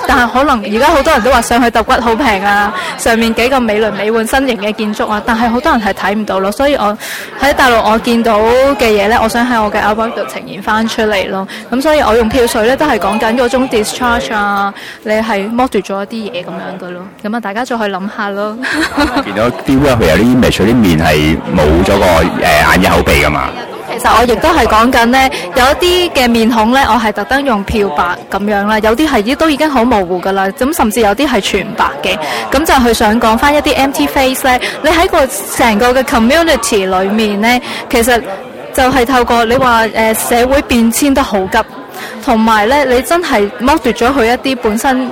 但係可能而家好多人都話上去揼骨好平啊，上面幾個美輪美奐新型嘅建築啊，但係好多人係睇唔到咯。所以我喺大陸我見到嘅嘢咧，我想喺我嘅畫板度呈現翻出嚟咯。咁所以我用跳水咧都係講緊嗰種 discharge 啊，你係剝奪咗一啲嘢咁樣嘅咯。咁啊，大家再去諗下咯。見到啲畫佢有啲 image 啲面係冇咗個、呃、眼耳口鼻㗎嘛。其實我亦都係講緊呢，有一啲嘅面孔呢，我係特登用漂白咁樣啦，有啲係已都已經好模糊噶啦，咁甚至有啲係全白嘅，咁就係想講翻一啲 empty face 呢。你喺個成個嘅 community 裏面呢，其實就係透過你話社會變遷得好急，同埋呢，你真係剝奪咗佢一啲本身。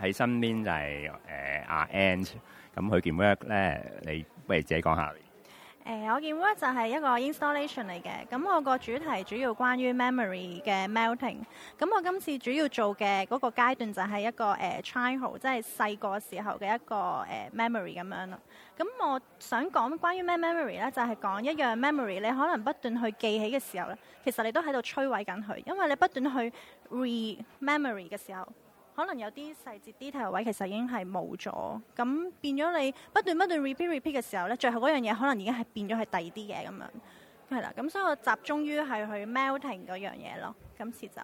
喺身邊就係誒阿 Ann 咁佢件 work 咧，你不如自己講下。呃、我件 work 就係一個 installation 嚟嘅，咁我個主題主要關於 memory 嘅 melting。咁我今次主要做嘅嗰個階段就係一個誒 child，即係細個時候嘅一個、呃、memory 咁樣咯。咁我想講關於咩 memory 咧，就係、係、講一樣 memory，你可能不斷去記起嘅時候咧，其實你都喺度摧毀緊佢，因為你不斷去 re-memory 嘅時候。可能有啲細節啲頭位其實已經係冇咗，咁變咗你不斷不斷 repeat repeat 嘅時候咧，最後嗰樣嘢可能已經係變咗係第二啲嘢咁樣，係啦，咁所以我集中於係去 melting 嗰樣嘢咯，今次就，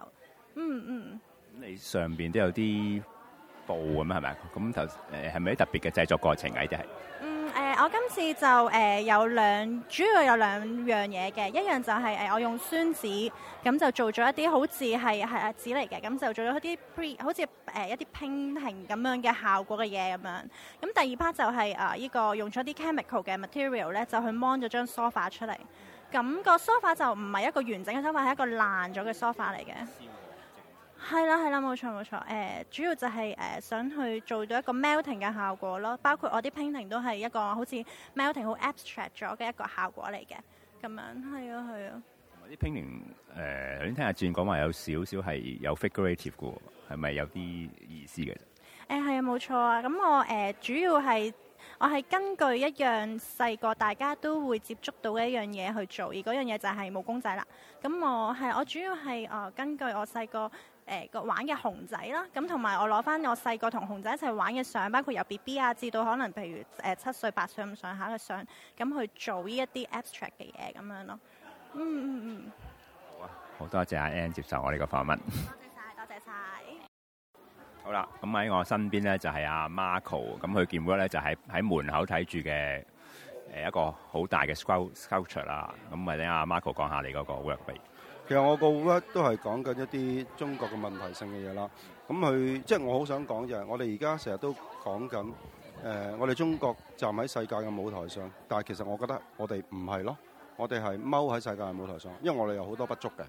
嗯嗯。你上面都有啲布咁啊？係嘛？咁頭誒係咪特別嘅製作過程啊？即係。誒、呃，我今次就誒、呃、有兩，主要有兩樣嘢嘅，一樣就係、是、誒、呃、我用宣紙，咁就做咗一啲好似係係紙嚟嘅，咁就做咗一啲 pre，好似、呃、一啲拼型咁樣嘅效果嘅嘢咁樣，咁第二 part 就係、是、啊、呃這個、呢個用咗啲 chemical 嘅 material 咧，就去 m 咗張梳 o 出嚟，咁、那個梳 o 就唔係一個完整嘅梳 o 係係一個爛咗嘅梳化嚟嘅。係啦，係啦、啊，冇錯冇錯。誒、呃，主要就係、是、誒、呃、想去做到一個 melting 嘅效果咯，包括我啲 painting 都係一個好似 melting 好 abstract 咗嘅一個效果嚟嘅咁樣。係啊，係啊。啲 painting 誒、呃，頭先聽轉講話有少少係有 figurative 嘅，係咪有啲意思嘅？誒係、呃、啊，冇錯啊。咁我誒、呃、主要係我係根據一樣細個大家都會接觸到嘅一樣嘢去做，而嗰樣嘢就係冇公仔啦。咁我係我主要係誒、哦、根據我細個，誒個玩嘅熊仔啦，咁同埋我攞翻我細個同熊仔一齊玩嘅相，包括由 BB 啊至到可能譬如誒七歲、八歲咁上下嘅相，咁去做呢一啲 abstract 嘅嘢咁樣咯。嗯嗯嗯，好啊，好多謝阿 Anne 接受我哋個訪問。多謝晒，多謝晒。好啦，咁喺我身邊咧就係阿 Marco，咁佢見到咧就喺喺門口睇住嘅誒一個好大嘅 sculpture 啦。咁咪等阿 Marco 講下你嗰個 work。其實我個話都係講緊一啲中國嘅問題性嘅嘢啦，咁佢即係我好想講就係，我哋而家成日都講緊誒，我哋中國站喺世界嘅舞台上，但係其實我覺得我哋唔係咯，我哋係踎喺世界嘅舞台上，因為我哋有好多不足嘅，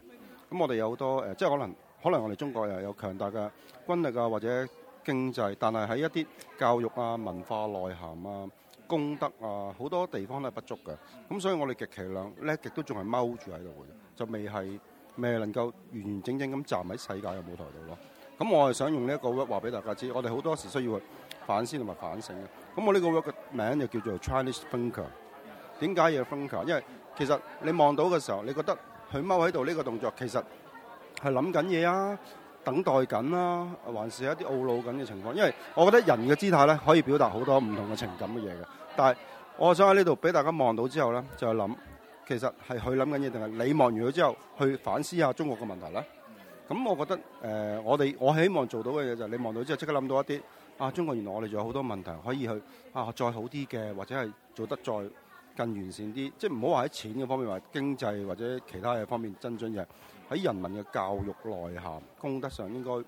咁我哋有好多誒、呃，即係可能可能我哋中國又有強大嘅軍力啊或者經濟，但係喺一啲教育啊、文化內涵啊、公德啊好多地方都係不足嘅，咁所以我哋極其量叻極都仲係踎住喺度嘅，就未係。未能夠完完整整咁站喺世界嘅舞台度咯。咁我係想用呢一個 work 俾大家知，我哋好多時需要去反思同埋反省嘅。咁我呢個 work 嘅名就叫做 Chinese Thinker。點解要 Thinker？因為其實你望到嘅時候，你覺得佢踎喺度呢個動作，其實係諗緊嘢啊，等待緊啊，還是一啲懊惱緊嘅情況？因為我覺得人嘅姿態咧，可以表達好多唔同嘅情感嘅嘢嘅。但係我想喺呢度俾大家望到之後咧，就係諗。其實係去諗緊嘢，定係你望完咗之後去反思下中國嘅問題咧？咁我覺得誒、呃，我哋我希望做到嘅嘢就係、是、你望到之後即刻諗到一啲啊，中國原來我哋仲有好多問題可以去啊，再好啲嘅，或者係做得再更完善啲，即係唔好話喺錢嘅方面，話經濟或者其他嘅方面增進嘅，喺人民嘅教育內涵、公德上應該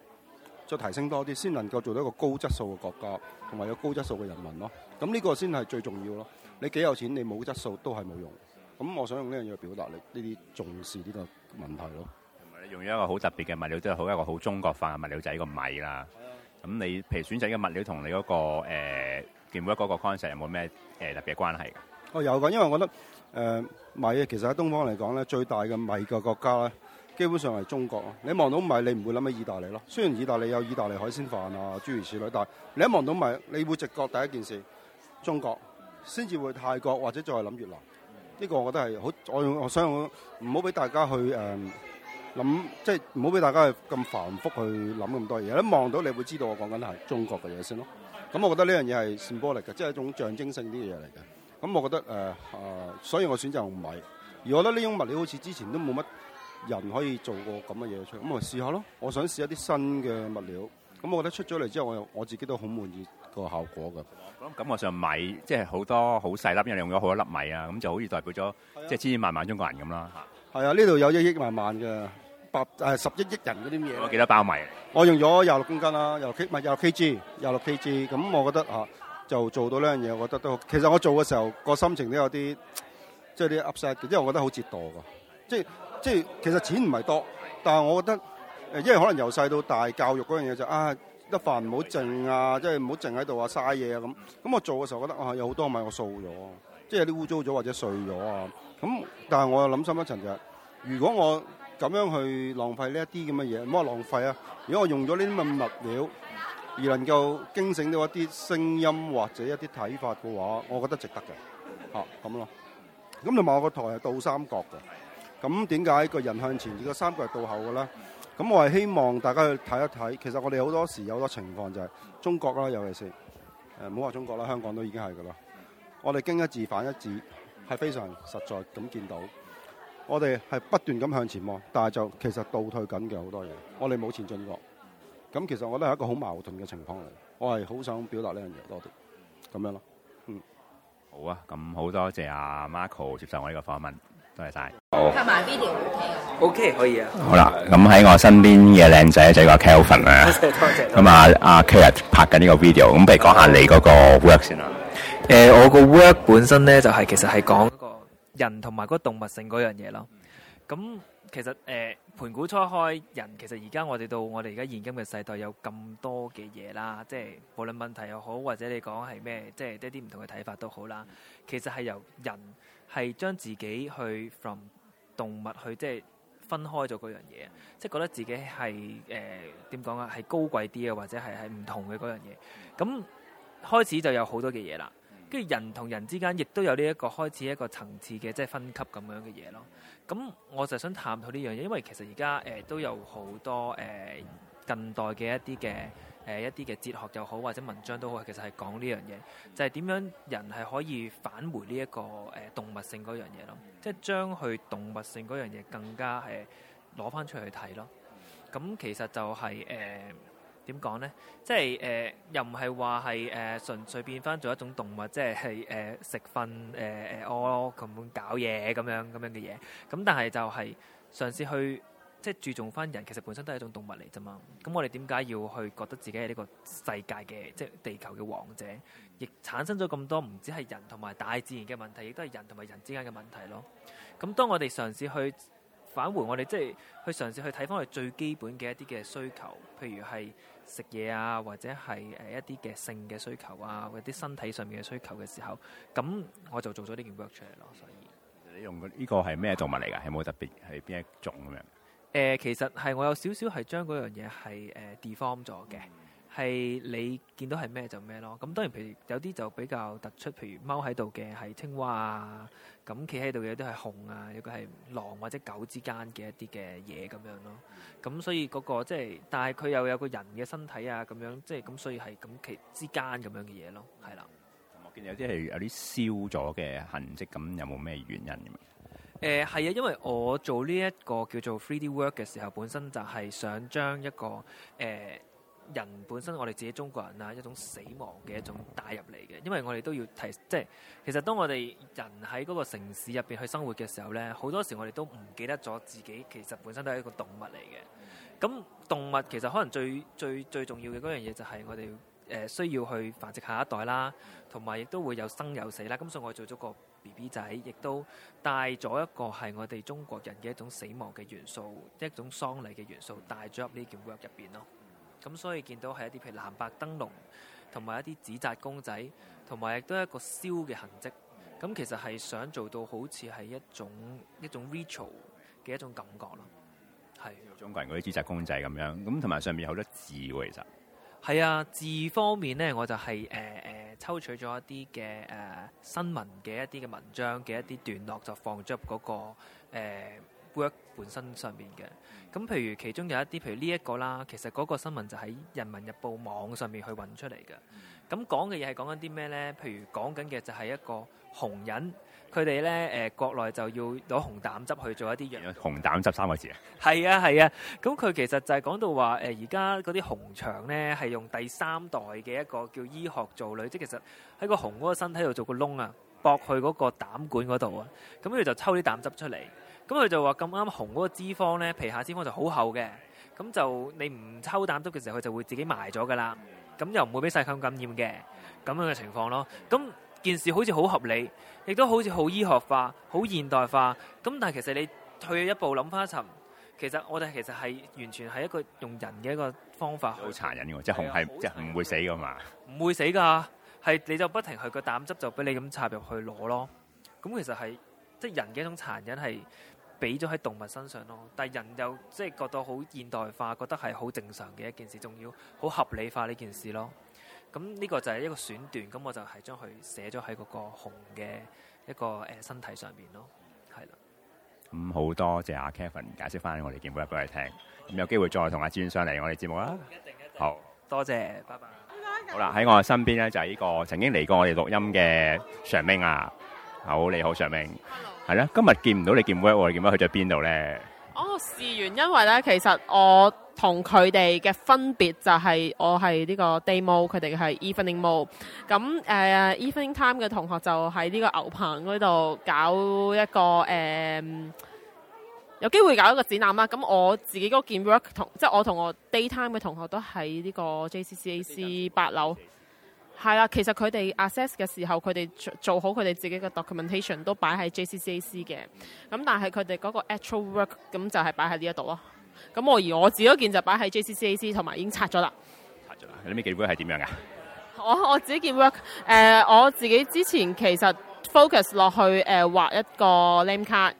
再提升多啲，先能夠做到一個高質素嘅國家，同埋有一個高質素嘅人民咯。咁呢個先係最重要咯。你幾有錢，你冇質素都係冇用。咁我想用呢樣嘢表達，你呢啲重視呢個問題咯。用咗一個好特別嘅物料，即係好一個好中國化嘅物料，就係、是、個米啦。咁的你譬如選擇嘅物料同你嗰、那個誒嘅每一個個 concept 有冇咩誒特別嘅關係？我、哦、有噶，因為我覺得誒、呃、米其實喺東方嚟講咧，最大嘅米嘅國家咧，基本上係中國。你望到米，你唔會諗起意大利咯。雖然意大利有意大利海鮮飯啊，諸如此類，但係你一望到米，你會直覺第一件事中國先至會泰國，或者再諗越南。呢個我覺得係好，我我想唔好俾大家去誒諗、嗯，即係唔好俾大家去咁繁複去諗咁多嘢。一望到你會知道我講緊係中國嘅嘢先咯。咁、嗯、我覺得呢樣嘢係 symbolic 嚟嘅，即係一種象徵性啲嘢嚟嘅。咁、嗯、我覺得誒啊、呃呃，所以我選擇唔係。而我覺得呢種物料好似之前都冇乜人可以做過咁嘅嘢出，咁、嗯、我試下咯。我想試一啲新嘅物料。咁、嗯、我覺得出咗嚟之後我，我又我自己都好滿意。個效果嘅，咁感覺上米即係好多好細粒，因為你用咗好多粒米啊，咁就好似代表咗即係千千萬萬中國人咁啦。係啊，呢度有一億萬萬嘅百誒十億億人嗰啲嘢。我幾多包米？對 我用咗廿六公斤啦，廿六 K 唔係廿六 Kg，廿六 Kg。咁我覺得嚇就做到呢樣嘢，我覺得都好，其實我做嘅時候個心情都有啲即係啲 upset，因為我覺得好折墮㗎。即係即係其實錢唔係多，但係我覺得誒，因為可能由細到大教育嗰樣嘢就啊。得飯唔好靜啊，即係唔好靜喺度啊，嘥嘢啊咁。咁我做嘅時候覺得啊，有好多咪我掃咗，即係有啲污糟咗或者碎咗啊。咁但係我又諗深一層就係、是，如果我咁樣去浪費呢一啲咁嘅嘢，唔好浪費啊？如果我用咗呢啲咁嘅物料而能夠驚醒到一啲聲音或者一啲睇法嘅話，我覺得值得嘅。嚇咁咯。咁同埋我個台係倒三角嘅。咁點解個人向前，如、那、果、個、三角係倒後嘅咧？咁我係希望大家去睇一睇，其實我哋好多時有好多情況就係、是、中國啦、啊，尤其是誒唔好話中國啦、啊，香港都已經係噶啦。我哋經一字反一字，係非常實在咁見到，我哋係不斷咁向前望，但係就其實倒退緊嘅好多嘢，我哋冇前進過。咁其實我覺得係一個好矛盾嘅情況嚟，我係好想表達呢樣嘢多啲，咁樣咯，嗯。好啊，咁好多謝阿 Michael 接受我呢個訪問。多謝晒。拍埋 video O K OK 可以啊。Okay, 以嗯、好啦，咁喺我身邊嘅靚仔就係個 Kelvin 啦。多謝多謝。咁啊，阿 K、啊、拍緊呢個 video，咁不如講，講下你嗰個 work 先啦。誒、呃，我個 work 本身咧就係、是、其實係講、嗯、人個人同埋嗰動物性嗰樣嘢咯。咁、嗯嗯、其實誒、呃、盤古初開人，其實而家我哋到我哋而家現今嘅世代有咁多嘅嘢啦，即係無論問題又好，或者你講係咩，即係一啲唔同嘅睇法都好啦。嗯、其實係由人。係將自己去 from 動物去即係分開咗嗰樣嘢，即係覺得自己係誒點講啊，係高貴啲啊，或者係係唔同嘅嗰樣嘢。咁開始就有好多嘅嘢啦，跟住人同人之間亦都有呢一個開始一個層次嘅即係分級咁樣嘅嘢咯。咁我就想探討呢樣嘢，因為其實而家、呃、都有好多、呃、近代嘅一啲嘅。誒、呃、一啲嘅哲學又好或者文章都好，其實係講呢樣嘢，就係、是、點樣人係可以返回呢、這、一個誒、呃、動物性嗰樣嘢咯，即係將佢動物性嗰樣嘢更加誒攞翻出去睇咯。咁其實就係誒點講咧，即係誒、呃、又唔係話係誒純粹變翻做一種動物，即係係誒食瞓誒誒屙同搞嘢咁樣咁樣嘅嘢。咁但係就係嘗試去。即係注重翻人，其實本身都係一種動物嚟啫嘛。咁我哋點解要去覺得自己係呢個世界嘅，即係地球嘅王者？亦產生咗咁多唔止係人同埋大自然嘅問題，亦都係人同埋人之間嘅問題咯。咁當我哋嘗試去返回我哋，即係去嘗試去睇翻我哋最基本嘅一啲嘅需求，譬如係食嘢啊，或者係誒一啲嘅性嘅需求啊，或者身體上面嘅需求嘅時候，咁我就做咗呢件 work 出嚟咯。所以你用呢個係咩動物嚟㗎？係冇特別係邊一種咁樣？誒、呃，其實係我有少少係將嗰樣嘢係誒 deform 咗嘅，係你見到係咩就咩咯。咁當然，譬如有啲就比較突出，譬如踎喺度嘅係青蛙啊，咁企喺度嘅都係熊啊，有個係狼或者狗之間嘅一啲嘅嘢咁樣咯。咁所以嗰、那個即係，但係佢又有個人嘅身體啊咁樣，即係咁，所以係咁其之間咁樣嘅嘢咯，係啦。我見有啲係有啲燒咗嘅痕跡，咁有冇咩原因咁啊？誒係啊，因為我做呢一個叫做 Three D Work 嘅時候，本身就係想將一個、呃、人本身我哋自己中國人啊一種死亡嘅一種帶入嚟嘅，因為我哋都要提即係其實當我哋人喺嗰個城市入邊去生活嘅時候咧，好多時我哋都唔記得咗自己其實本身都係一個動物嚟嘅。咁動物其實可能最最最重要嘅嗰樣嘢就係我哋、呃、需要去繁殖下一代啦，同埋亦都會有生有死啦。咁所以我做咗個 B B 仔亦都帶咗一個係我哋中國人嘅一種死亡嘅元素，一種喪禮嘅元素，帶咗入呢件 work 入邊咯。咁所以見到係一啲譬如藍白燈籠，同埋一啲紙紮公仔，同埋亦都係一個燒嘅痕跡。咁其實係想做到好似係一種一種 ritual 嘅一種感覺咯。係，中國人嗰啲紙紮公仔咁樣，咁同埋上面有好多字喎、啊，其實。係啊，字方面咧，我就係誒誒。呃呃抽取咗一啲嘅誒新聞嘅一啲嘅文章嘅一啲段落，就放咗入嗰個、呃、work 本身上邊嘅。咁譬如其中有一啲，譬如呢一個啦，其實嗰個新聞就喺《人民日報》網上面去揾出嚟嘅。咁講嘅嘢係講緊啲咩呢？譬如講緊嘅就係一個紅人。佢哋咧誒，國內就要攞熊膽汁去做一啲藥。熊膽汁三個字是啊？係啊，係啊。咁佢其實就係講到話誒，而家嗰啲熊場咧係用第三代嘅一個叫醫學造詣，即係其實喺個熊嗰個身體度做個窿啊，駁去嗰個膽管嗰度啊。咁佢就抽啲膽汁出嚟。咁佢就話咁啱熊嗰個脂肪咧，皮下脂肪就好厚嘅，咁就你唔抽膽汁嘅時候，佢就會自己埋咗㗎喇。咁又唔會俾細菌感染嘅咁樣嘅情況咯。咁件事好似好合理，亦都好似好醫學化、好現代化。咁但係其實你退一步諗翻一層，其實我哋其實係完全係一個用人嘅一個方法，好殘忍嘅，的即係熊係即係唔會死㗎嘛，唔會死㗎，係你就不停去個膽汁就俾你咁插入去攞咯。咁其實係即係人嘅一種殘忍係俾咗喺動物身上咯。但係人又即係覺得好現代化，覺得係好正常嘅一件事，仲要好合理化呢件事咯。咁呢個就係一個選段，咁我就係將佢寫咗喺嗰個紅嘅一個誒身體上邊咯，係啦。咁好多謝阿 Kevin 解釋翻我哋《劍舞一》俾我哋聽。咁有機會再同阿志遠上嚟我哋節目啦。好，多謝，拜拜。好啦，喺我嘅身邊咧就係呢個曾經嚟過我哋錄音嘅常明啊，好你好，常明，係啦，今日見唔到你《劍舞一》，你劍舞去咗邊度咧？哦，事源，因為咧，其實我同佢哋嘅分別就係我係呢個 day mode，佢哋係 evening mode。咁誒、呃、evening time 嘅同學就喺呢個牛棚嗰度搞一個誒、呃，有機會搞一個展覽啦。咁我自己嗰件 work 同即係我同我 day time 嘅同學都喺呢個 JCCAC 八樓。係啊，其實佢哋 assess 嘅時候，佢哋做好佢哋自己嘅 documentation 都擺喺 JCCAC 嘅。咁但係佢哋嗰個 actual work 咁就係擺喺呢一度咯。咁我而我自己件就擺喺 JCCAC 同埋已經拆咗啦。拆咗啦，你咩 work 係點樣㗎？我我自己件 work 誒、呃，我自己之前其實 focus 落去誒、呃、畫一個 name card，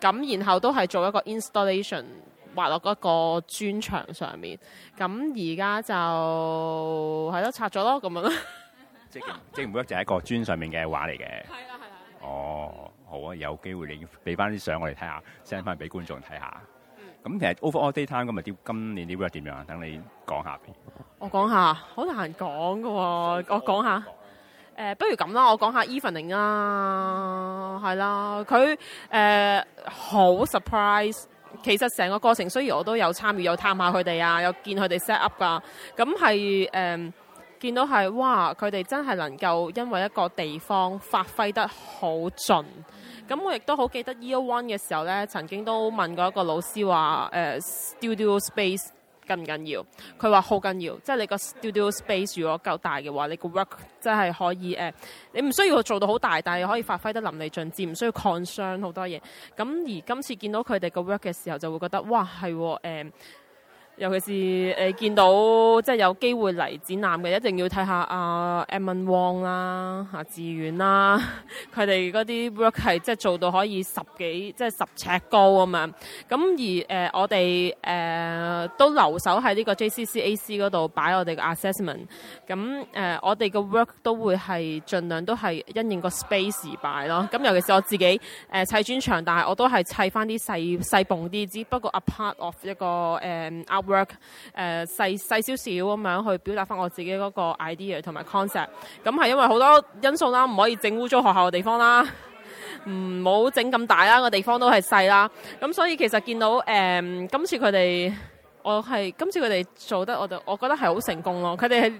咁然後都係做一個 installation 畫落嗰一個磚牆上面。咁而家就係咯，拆咗咯，咁樣咯。即即每筆就係一個磚上面嘅畫嚟嘅。係啦，係啦。哦，好啊，有機會你俾翻啲相我嚟睇下，send 翻俾觀眾睇下。咁、嗯、其實 over all daytime 咁咪今年啲 work 點樣啊？等你講下。我講下，好難講㗎喎。我講下，誒，不如咁啦，我講下 evening 啦、啊，係啦，佢誒好 surprise。其實成個過程雖然我都有參與，有探下佢哋啊，有見佢哋 set up 㗎。咁係誒見到係哇，佢哋真係能夠因為一個地方發揮得好盡。咁我亦都好記得 Year One 嘅時候呢，曾經都問過一個老師話：呃 Studio Space 緊唔緊要？佢話好緊要，即係你個 Studio Space 如果夠大嘅話，你個 work 即係可以呃，你唔需要做到好大，但係可以發揮得淋漓盡致，唔需要擴張好多嘢。咁而今次見到佢哋個 work 嘅時候，就會覺得哇，係喎。呃尤其是誒、呃、見到即係有機會嚟展覽嘅，一定要睇下阿、啊、Edmund Wong 啦、吓志遠啦，佢哋嗰啲 work 係即係做到可以十幾即係十尺高啊嘛。咁而誒、呃、我哋誒、呃、都留守喺呢個 JCCAC 嗰度擺我哋嘅 assessment。咁、呃、誒我哋嘅 work 都會係盡量都係因應個 space 而擺咯。咁尤其是我自己誒砌磚牆，但、呃、係我都係砌翻啲細細縴啲，只不過 a part of 一個誒。嗯 work 誒、呃、細細少少咁樣去表達返我自己嗰個 idea 同埋 concept，咁係因為好多因素啦，唔可以整污糟學校嘅地方啦，唔好整咁大啦，個地方都係細啦，咁所以其實見到誒、嗯、今次佢哋，我係今次佢哋做得，我就我覺得係好成功咯，佢哋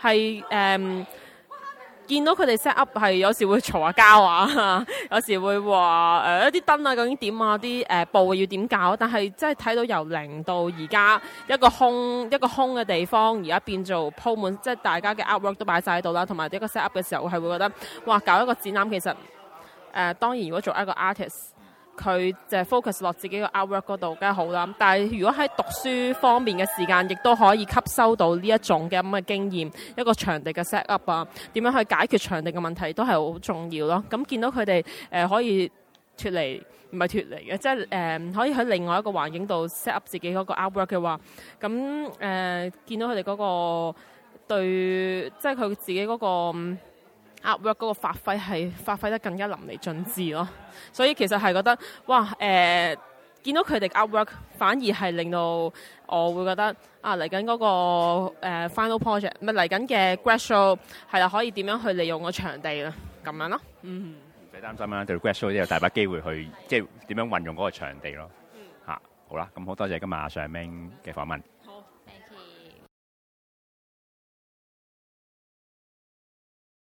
係係誒。見到佢哋 set up 係有時會嘈下交啊，有時會話誒一啲燈啊究竟點啊，啲誒、呃、布要點搞？但係真係睇到由零到而家一個空一個空嘅地方，而家變做鋪滿，即係大家嘅 artwork 都擺曬喺度啦。同埋一個 set up 嘅時候，係會覺得哇，搞一個展覽其實、呃、當然如果做一個 artist。佢就係 focus 落自己個 artwork 嗰度，梗係好啦，但係如果喺讀書方面嘅時間，亦都可以吸收到呢一種嘅咁嘅經驗，一個場地嘅 set up 啊，點樣去解決場地嘅問題都係好重要咯。咁見到佢哋誒可以脱離，唔係脱離嘅，即係誒可以喺另外一個環境度 set up 自己嗰個 artwork 嘅話，咁誒、呃、見到佢哋嗰個對，即係佢自己嗰、嗰個。Artwork 嗰個發揮係發揮得更加淋漓盡致咯，所以其實係覺得哇誒、呃，見到佢哋 Artwork 反而係令到我會覺得啊嚟緊嗰個、呃、Final Project 咪嚟緊嘅 Grad Show 係啦，可以點樣去利用個場地啦，咁樣咯，唔使擔心啦、啊，對 Grad Show 有大把機會去即係點樣運用嗰個場地咯，嚇、啊、好啦，咁好多謝今日阿 Sir Meng 嘅訪問。